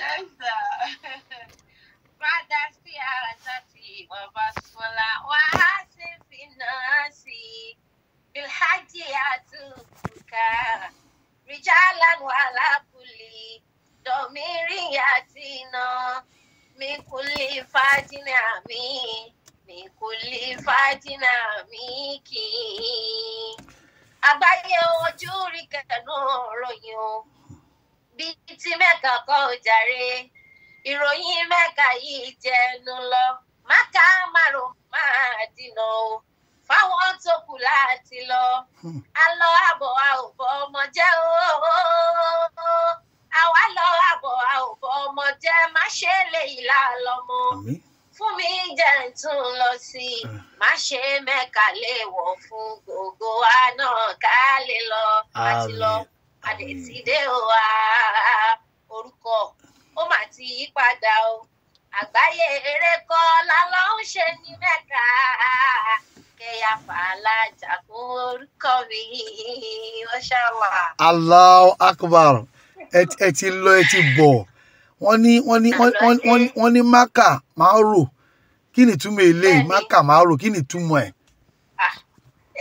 Yes, Brother sí àràtà tí bàbá Sọlá wà á sì fi náà sí Bilhaji àtúkà Rijalan wàlábùlì Dọ̀mírí àti iná mi kò lè fàjìnà mi mi kò mi kì í. Àgbáyé ojú rí kẹ̀kẹ́ náà ròyìn bíi mẹ́ka kọ́ ò jàre ìròyìn mẹ́ka yìí jẹnu lọ máka márùn máa dìnà o fáwọn tó kù láti lọ hmm. a lọ àbọ̀ a ò bọ ọmọ jẹ́ o àwa lọ àbọ̀ a ò bọ ọmọ jẹ́ má ṣe lè ìlà lọ́mọ fún mi jẹ́ ń tún lọ sí i hmm. má ṣe mẹ́ka lè wọ̀ fún gbogbo wa ká lè lọ àti lọ adẹ̀ ti dé o orúkọ ó mà ti yí padà o àgbáyé eré lálọ́ ń ṣe ní mẹ́ka kẹyà fàlàjà Akbar ẹ ti lọ ẹ ti bọ̀ wọ́n ní wọ́n ní wọ́n ní maka máa rò kí ni túmọ̀ eléyìí maka máa rò kí ni túmọ̀ ẹ̀.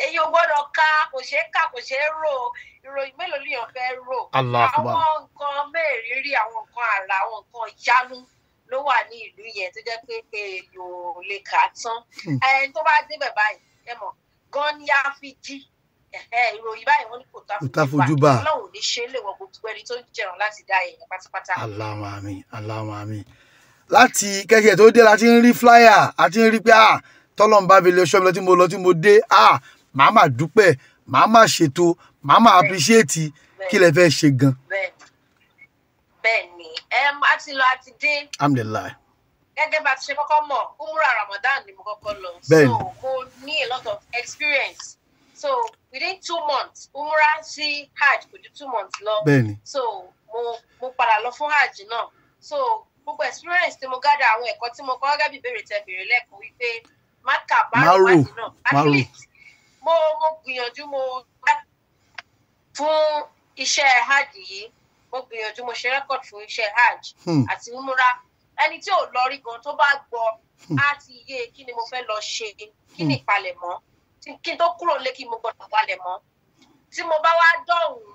èyí ò gbọ́dọ̀ ká kò ṣeé ká kò ṣeé rò ìròyìn mélòó lèèyàn fẹ́ rò àwọn nǹkan mẹ́rìírí àwọn nǹkan àrà àwọn nǹkan ìyanu ló wà ní ìlú yẹn tó jẹ́ pé èèyàn ò lè kà á tán hmm. ẹni tó bá débẹ̀ báyìí ẹ mọ̀ gan ni a fi jí ìròyìn báyìí wọn ní kò tá fojú bá Ọlọ́run ní ṣe lè wọ gbogbo ẹni tó jẹun láti dá èèyàn pátápátá. Allahu àmín Allahu àmín láti kẹ́kẹ́ tó dé la ti ń rí fúláyà a ti ń rí pé ah, tọ́lọ́mbà mi lè ṣọ́ lọ tí mo lọ tí mo dé ah, màá mà dúpẹ́ màá mà ṣètò màá máa appreciate kí lẹ fẹ́ ṣe gan. bẹ́ẹ̀ ni ẹ a ti lọ a ti dé. alhamdulilayi. gẹ́gẹ́ bá a ti ṣe kọ́kọ́ mọ̀ umrah Ramadan ni mo kọ́kọ́ lọ. bẹ́ẹ̀ so mo ní a lot of experience so within two months umrah sí hajj kò ju two months lọ. bẹ́ẹ̀ so mo mo padà lọ fún hajj náà so gbogbo experience tí mo gada àwọn ẹ̀kọ́ tí mo kọ́ gẹ́gẹ́ bí ìbéèrè tẹ béèrè lẹ́kọ̀ọ́ wípé má kà wájú náà at least mo mo gbìyànjú mo fún iṣẹ́ hajj yìí mo gbìyànjú mo ṣe rẹ́kọ̀d fún iṣẹ́ hajj hmm. àti umra ẹni tí ò lọ rí gan tó bá gbọ́ á hmm. ti yé kí ni mo fẹ́ lọ ṣe kí ni hmm. ìpalẹ̀mọ́ kí n tó kúrò lé kí mo gbọ́dọ̀ palẹ̀mọ́ tí mo bá wá dọ̀hún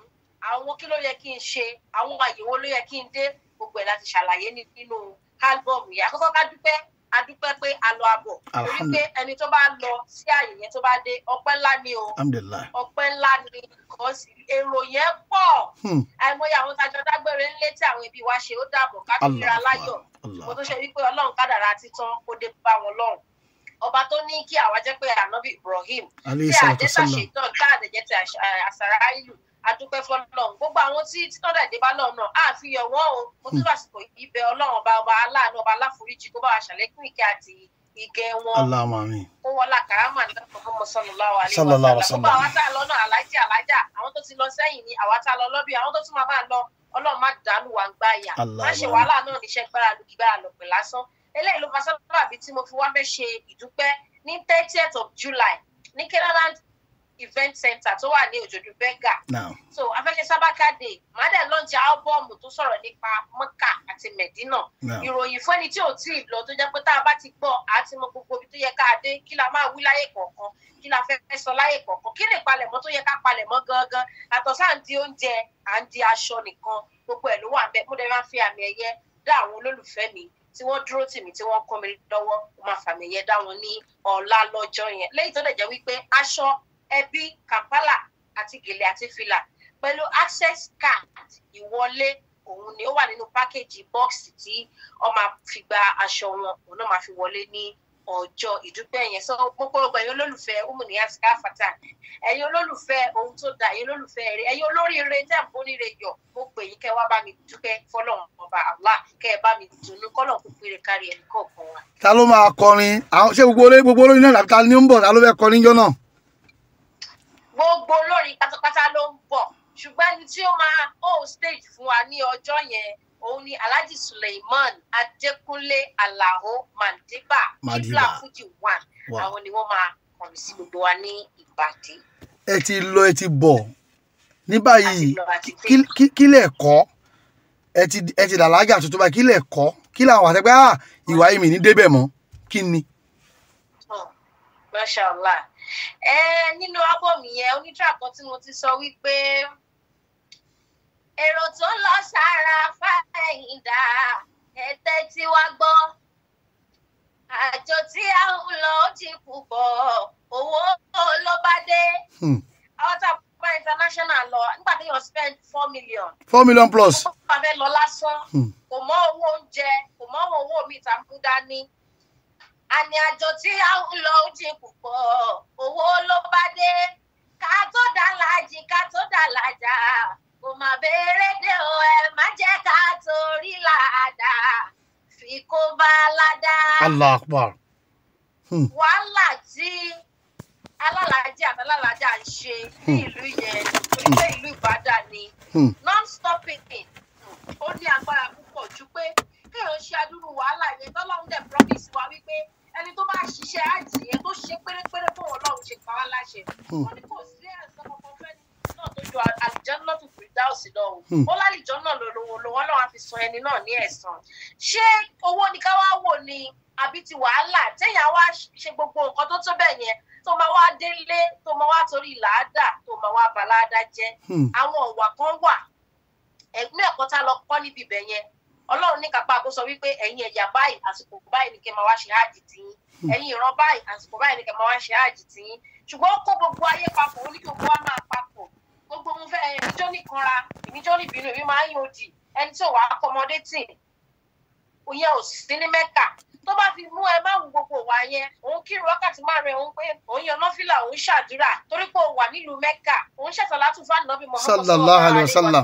àwọn kí ló yẹ kí n ṣe àwọn àyẹ̀wò ló yẹ kí n dé gbogbo ẹ̀ láti ṣàlàyé nínú álbọ̀mù yìí àkọ́kọ́ ká dúpẹ́ adúpẹ́ pé a lọ abọ̀ torí pé ẹni tó bá lọ sí àyè yẹn tó bá dé ọpẹ́ ńlá ni o ọpẹ́ ńlá ni kọ́sì èrò yẹn pọ̀ hmm. àìmọye àwọn tajọ dágbére ńlé tí àwọn ẹbí wa ṣe ó dàbọ̀ ká tó mo tó ṣe wípé ọlọ́run kádàrá títán kó dé bá wọn lọ́rùn ọba tó ní kí àwa jẹ́ pé ànábì Ibrahim tí àjẹsà ṣètàn káàdẹ̀jẹ̀ ti àṣàrà ìlú adúpẹ́ fọlọ́run gbogbo àwọn tí títọ́dà dé bá lọ́run náà àfihàn wọn o mo tún hmm. àsìkò yìí ọlọ́run ọba ọba aláàánú ọba aláforíjì tó bá wa ṣàlékún ìkẹ́ àti ìgẹ̀ wọn kó wọn la kàrámà lọ́kọ̀ọ́mọ sallallahu alaihi wasallam gbogbo àwọn ọlọ́run má dànù wá ń gbá yà má ṣe wàhálà náà níṣẹ́ gbára lùgbàrà lọ̀pẹ̀ lásán eléyìí ló fa sábàbí tí mo fi wá fẹ́ ṣe ìdúpẹ́ ní thirtieth of July ní Kenaland event center tó wà ní òjòdú bẹ́gà. so afẹ́ṣe sábàkà day màdà lọ́njẹ́ álbọ́ọ̀mù tó sọ̀rọ̀ nípa mọ́kà àti mẹ̀dínà. ìròyìn fún ẹni tí ò tí ì lọ tó jẹ́ pé tá a bá ti gbọ́ a ti mọ gbogbo ibi tó yẹ ká dé kí la máa wí láyé kọ̀ọ̀kan kí la fẹ́ sọ láyé kọ̀ọ̀kan kí lè palẹ̀mọ́ tó yẹ ká palẹ̀mọ́ gangan àtọ̀ sáà ń di oúnjẹ à ń di aṣọ nìkan gbogbo ẹ̀ ló wà bẹ́ẹ̀ mo dẹ̀ máa fi àmì ẹ̀yẹ dá àwọn olólùfẹ́ mi tí wọ́n dúró tì mí tí wọ́n kọ́ mi lọ́wọ́ mo máa fàmì ẹ̀yẹ dá wọn ní ọ̀la lọ́jọ́ yẹn lẹ́yìn tó dẹ̀ jẹ́ wípé aṣọ ẹbí Kampala àti gèlè àti fìlà pẹ̀lú access card ìwọlé òun ni ó wà nínú pákéjì bọ́ọ̀sì tí wọ́n máa fi gba aṣọ wọn òun náà máa fi wọlé ní ọjọ́ ìdúpẹ́ yẹn sọ gbogbo ẹ̀yin olólùfẹ́ Umunia Scarfatta ẹ̀yin olólùfẹ́ ohun tó da ẹ̀yin olólùfẹ́ rẹ ẹ̀yin olóríire tẹ̀ ń bóníire yọ̀ mo pè yín kẹ́ wá bá mi dúpẹ́ fọlọ́run ọba Allah kẹ́ ẹ bá mi dùnú kọ́lọ̀ kó péré kárí ẹnì kọ̀ọ̀kan wa. ta ló máa kọrin ṣé gbogbo olóyún náà ta ni ó ń bọ̀ ta ló fẹ́ kọrin jọ náà gbogbo olórin pátápátá ló ń bọ̀ ṣùgbọ́n ẹni tí ó máa hold stage fún wa ní ọjọ́ yẹn òun ni alhaji suleiman adékúnlé alao mandiba kibla fuji one àwọn ni wọ́n máa kọrin sí gbogbo wa ní ìbàdí. ẹ ti lọ ẹ ti bọ̀ ní báyìí kí lè kọ́ ẹ ti ẹ ti dàlágà tuntun báyìí kí lè kọ́ kí làwọn àtẹgbẹ́ ah, ìwà yìí mi ní débẹ̀ mọ́ kí ni. Hmm. masha allah ẹ nínú ábọ̀mù yẹn onídìrà kan tí mo ti sọ wípé èrò tó ń lọ sára fáyìndà ẹ̀tẹ́ tí wá gbọ́ àjò tí a ń lọ ó ti kú bọ̀ owó ló bá dé hmm. ọ̀tá púpọ̀ international lọ nígbà tí yóò spend four million. four million plus. ó fẹ́ lọ lásán hmm. kò mọ owó oúnjẹ kò mọ owó mi tàbí dání àní àjò tí a ń lọ ó jìn púpọ̀ owó ló bá dé ká tó dá lájì ká tó dá lájà kò má béèrè dé o ẹ má jẹ́ ká torí làádá fi kó bá ládá. Allah akbar. Hmm. wàhálà tí alálàájì àtàlálàájà ń ṣe ní hmm. ìlú yẹn orílẹ̀ ìlú Ìbàdàn ni hmm. non-stopping ó hmm. lálìjọ náà lòlówó lòwọ́ náà wàá fi san ẹni náà ní ẹ̀san ṣé owó ni ká wá wò ni àbí ti wàhálà téèyàn wá ṣe gbogbo nǹkan tó tó bẹ́ẹ̀ yẹn tó máa wá délé tó máa wá torí làádà tó máa wá balàádà jẹ́ hmm. àwọn kan wà ẹ̀gbọ́n ẹ̀kọ́ lọ kọ́ níbi ibẹ̀ yẹn ọlọ́run ní kápá kó sọ wípé ẹ̀yin ẹ̀yà báyìí àsìkò báyìí ni kẹ́ máa wá ṣe tìyín hmm. ẹ̀yin ìran báyìí àsìkò báyìí ni kẹ́ máa wá ṣe gbogbo ayé papọ̀ gbogbo mo fẹ́ èmi tó nìkanra èmi tó nìbínú èmi máa ń yan òdì ẹni tí ò wá accommodate òyìn ò sí ní mẹ́kà tó bá fi mú ẹ má wù gbogbo wa yẹn òun kírun wákàtí márùn òun pé òun yan nọfìlà òun ṣàdúrà torí pé òun wà nílùú mẹ́kà òun ṣẹ̀sọ̀ látúfà nàbí Muhammad sallallahu alaihi wasallam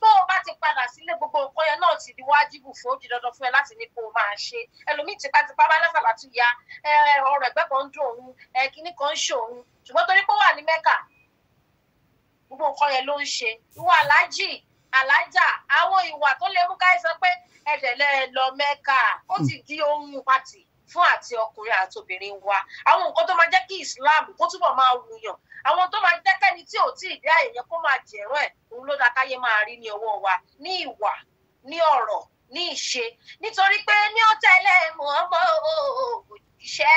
tó o bá ti padà sílé gbogbo nǹkan yẹn náà ti di wájibù fún òjì dandan fún ẹ láti ní kó o máa ṣe ẹlòmíì tipátipá bá lásàlátù ya ọ̀rọ̀ ẹ̀gbẹ́ kan ń dùn òun kíní kan ń ṣòun ṣùgbọ́n torí pé ó wà ní mẹ́kà gbogbo nǹkan yẹn ló ń ṣe ìwà aláàjì alájà àwọn ìwà tó lè mú ká sọ pé ẹdẹlẹ lọ mẹ́kà ó ti di ohun pàtì fún àti ọkùnrin àti obìnrin wa àwọn nǹkan tó máa jẹ́ kí Islam kó túbọ̀ máa wuyàn àwọn tó máa jẹ́ kẹ́ni tí ò tí ì dé àyè kó máa jẹ̀rọ ẹ̀ òun ló dáa káyé máa rí ní ọwọ́ wa ní ìwà ní ọ̀rọ̀ ní ìṣe nítorí pé ní ó tẹ̀lé mọ̀ọ́mọ́ òògùn iṣẹ́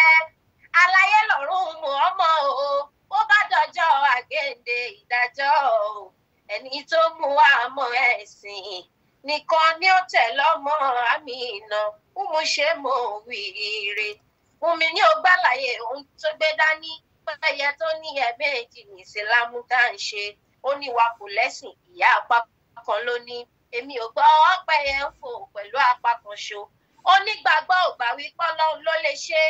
aláyé lọ́rùn mọ̀ọ́mọ́ òògùn bó bá dọjọ́ àgéǹde ìdájọ́ o ẹni tó mú wa mọ ẹ̀sìn nìkan ni ó tẹ̀ lọ́mọ àmì iná ń ṣe mọ wíire omi ní ọgbàlàyé ohun tó gbé dání pẹ́yẹ tó ní ẹ̀ẹ́mẹ́jì ní ìsìlámù tá à ń ṣe ó ní wa kò lẹ́sìn ìyá apá kan ló ní èmi ò gbọ́ ọpẹ́yẹ ń fò pẹ̀lú apá kan ṣo onígbàgbọ́ ò bá wí pọ́lọ́ ló lè ṣe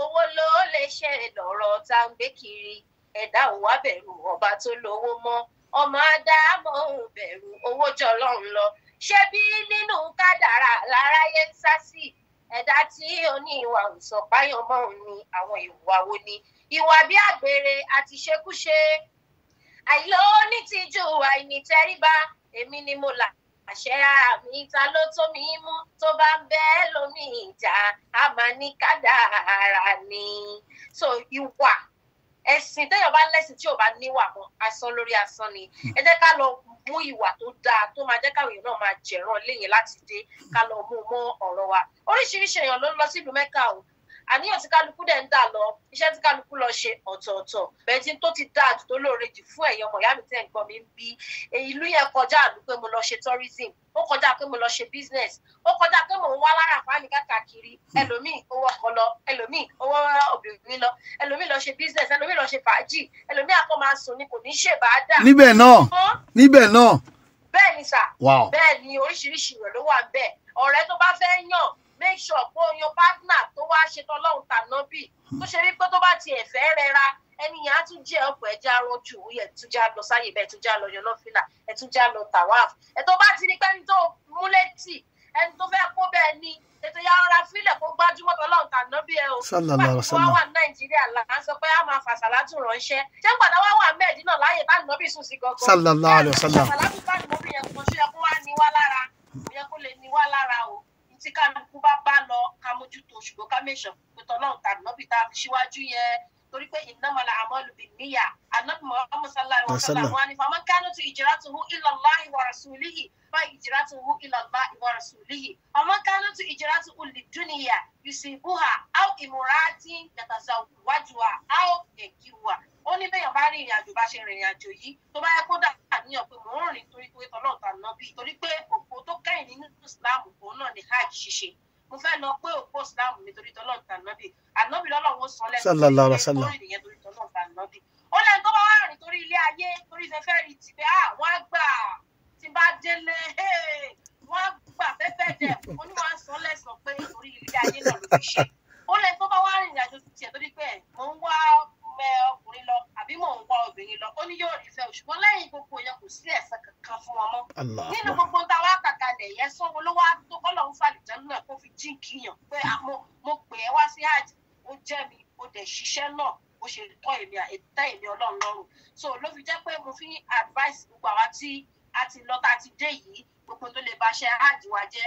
owó ló lè ṣe lọ́rọ̀ tá à ń gbé kiri ẹ̀dá ò wá bẹ̀rù ọba tó lówó mọ́ ọmọ ádámọ̀ òun bẹ̀rù owó jọ ọlọ́run lọ ṣé bí nínú kádàrá láráyé ń sá sí ẹ̀dá tí ó ní ìwà òsọ̀páyọ̀ òun ni àwọn ìwà wo ni ìwà bí àgbèrè àti ṣekúṣe àìlówó nítìjú àìnítẹríba èmi ni mo là àṣẹ ara mi ló tó mi mú tó bá ń bẹ lómi ìjà a máa ní kádàrá ni so ìwà ẹ̀sìn téèyàn bá lẹ́sìn tí ò bá níwà mọ́ asán lórí asán ni hmm. ẹ jẹ́ ká lọ mú ìwà tó dáa tó máa jẹ́ káwọn èèyàn náà máa jẹ̀ràn léyìn láti dé ká lọ mú mọ́ ọ̀rọ̀ wa oríṣiríṣi èèyàn ló ń lọ sílùú mẹ́ka o àníyàn tí kálukú dẹ̀ ń dà lọ iṣẹ́ tí kálukú lọ ṣe ọ̀tọ̀ọ̀tọ̀ bẹ́ẹ̀ tí tó ti dáa tó lóore jù fún ẹ̀yin ọmọ ìyá mi tẹ̀ ń gbọ́ mi ń bí ìlú yẹn kọjá àlú pé mo lọ ṣe tourism ó kọjá pé mo lọ ṣe business ó kọjá pé mo ń wá lára àfáàní káàkiri ẹlòmíì owó ọkọ lọ ẹlòmíì owó obìnrin lọ ẹlòmíì lọ ṣe business ẹlòmíì lọ ṣe fàájì ẹlòmíì àkọ́ máa sùn ni kò ní ṣèbàádà. níbẹ̀ náà níbẹ̀ náà. bẹ́ẹ̀ ni sà bẹ́ẹ̀ ni oríṣiríṣi rẹ̀ ló wà bẹ́ẹ̀ ọ̀rẹ́ tó bá fẹ́ yàn make sure pé oyan partner tó wá ṣe tọlọ́run tànábì tó ṣe wípé tó bá tiẹ̀ fẹ́ rẹra ẹni yẹn á tún jẹ́ ọ̀pọ̀ ẹja rọjò ẹ tún já lọ sáyè bẹ́ẹ̀ ẹ tún já lọ yọlọ́fìlà ẹ tún já lọ tàwáàfù ẹ tó bá ti ní pẹ́ni tó mú létí ẹni tó fẹ́ kó bẹ́ẹ̀ ni ètò ya ọ̀rá fílẹ̀ kó gbájúmọ́ tọ́lọ́run tànábì ẹ o pàtó wá wà nàìjíríà là ń sọ pé a máa fà sàlátù ránṣẹ́ ṣé pàtó wá wà mẹ́ẹ̀dínà láàyè tànábì sùn sí gọ́gọ́ sàlátù tànábì yẹn kò ṣe yẹ kó wá ní wá lára yẹ kó lè ní wá lára o tí kálukú bá bá lọ ká mójútó ṣùgbọ́n ká mẹ́sàn pé tọ́lọ́run tàbí nọ́bì tá a fi síwájú yẹn torí pé ìnámọ̀lá àmọ́lù bí níyà anábì Muhammad sallallahu alaihi wasallam wọn ni fama kanatu hijratuhu ilallahi wa rasulihi fa hijratuhu ilallahi wa rasulihi fama kanatu hijratuhu lidunya yusibuha aw imurati yatazawwajuha aw yakiruha ó ní bẹ́ẹ̀ bá rìnrìn àjò bá ṣe rìnrìn àjò yìí tó bá yẹ kó dà láníyàn pé mò ń rìn torí pé tọ́lọ́ ta ná bí torí pé òpó tó kẹ́yìn nínú islam òun náà ni hajj ṣíṣe mo fẹ́ lọ pé òpó islam ni tọ́lọ́ ta ná bí ànábì lọ́lọ́wọ́ sọ lẹ́nu torí ìyẹn torí tọ́lọ́ ta ná bí ó lẹ́nu tó bá ah, wọ́n gbà fẹ́fẹ́ jẹ oníwà sọ lẹ́sàn pé torí ilé ayé náà ló fi ṣe ó lẹ́nu tó bá wà rìn ìrìnàjò tiẹ̀ torí pé mò ń wá fẹ́ ọkùnrin lọ àbí mò ń wá obìnrin lọ ó ní yóò rí fẹ́ o ṣùgbọ́n gbogbo yẹn kò sí ẹ̀san kankan fún wọn mọ́ nínú gbogbo tá wá kàkà lẹ̀ yẹn sọ ló wá tó kọ́lọ̀ ń fàlìjà náà kó fi jí kíyàn pé ah, mo pè é wá sí hajj ó jẹ́ mi ó dẹ̀ ṣiṣẹ́ náà ó ṣe tọ́ èmi àìtẹ́ èmi ọlọ́run lọ́rùn so ló fi jẹ́ pé mo fi advice gbogbo àwa tí a ti lọ tá a ti dé yìí gbogbo tó lè bàṣẹ hajj wa jẹ́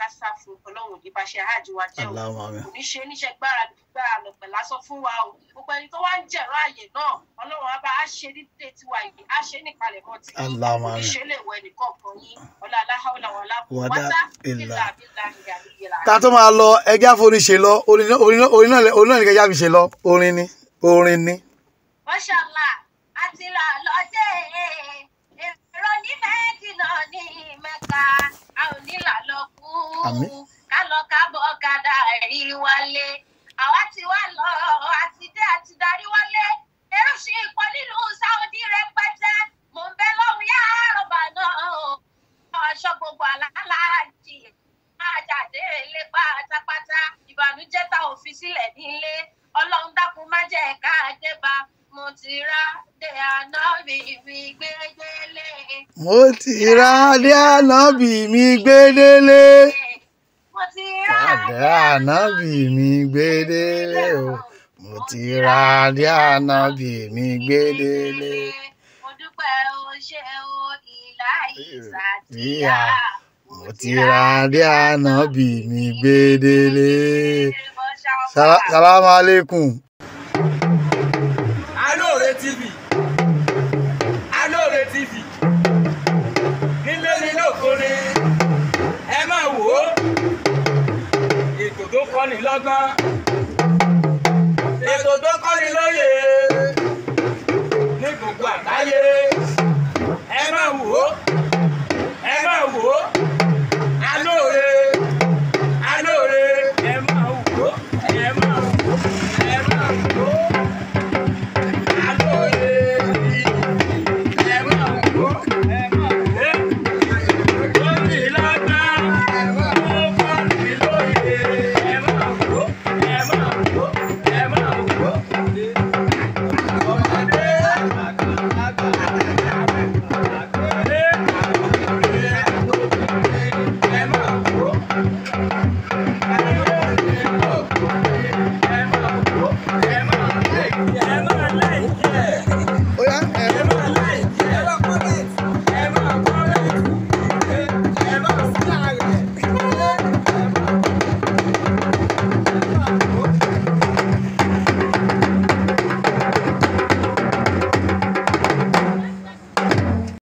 ká sá fún ọlọ́run ní bàṣẹ hajj o kò ní ṣe níṣẹ́ gbára gbára lọpẹ lásán fún wa o gbogbo ẹni tó wá ń jẹ̀rọ àyè náà ọlọ́run abá á ṣe ní dídé tiwa yìí á ṣe ní ìpalẹ̀mọ́ tí ìṣẹ̀lẹ̀ ìwẹ̀ nìkan kan yín ọ̀la aláhàwọ̀lá wàlá wàtá ìlà àbílà ìyàlíyà. tó máa lọ ẹjẹ́ àforin ṣe lọ orin náà ní kẹjá mi ṣe lọ orin ni orin ni. mọ́ṣálá àti lọ́dẹ èrò ní mẹ́ẹ̀dínà ní mẹ́ta a ò ní làlọ́kù ká lọ kábọ̀ ọ̀kadà rí wálé àwa ti wá lọ àti dé àti darí wálé èrò ṣì ń pọ̀ nínú sáúdí rẹpẹtẹ mò ń bẹ lọ́hùn yá rọ̀bà náà ọ̀ṣọ́ gbogbo aláàjì àjàdé lépa pátápátá ìbànújẹ́ tá ò fi sílẹ̀ nílé ọlọ́run dákun má jẹ́ ẹ̀ka àgbébá mo ti rá dé àná mi mi gbé délé. mo ti rá dé àná mi mi gbé délé. Adé ànábì mi gbédélé o. Mo ti ra adé ànábì mi gbédélé. Mo dúpẹ́ o o ìlà ìsàtìyà. Mo ti ra adé ànábì mi gbédélé. Salaam alaikum. lọ́gbọ́n ètò tó kọ́ni lóye ní gbogbo àgbáyé ẹ máa wò ó.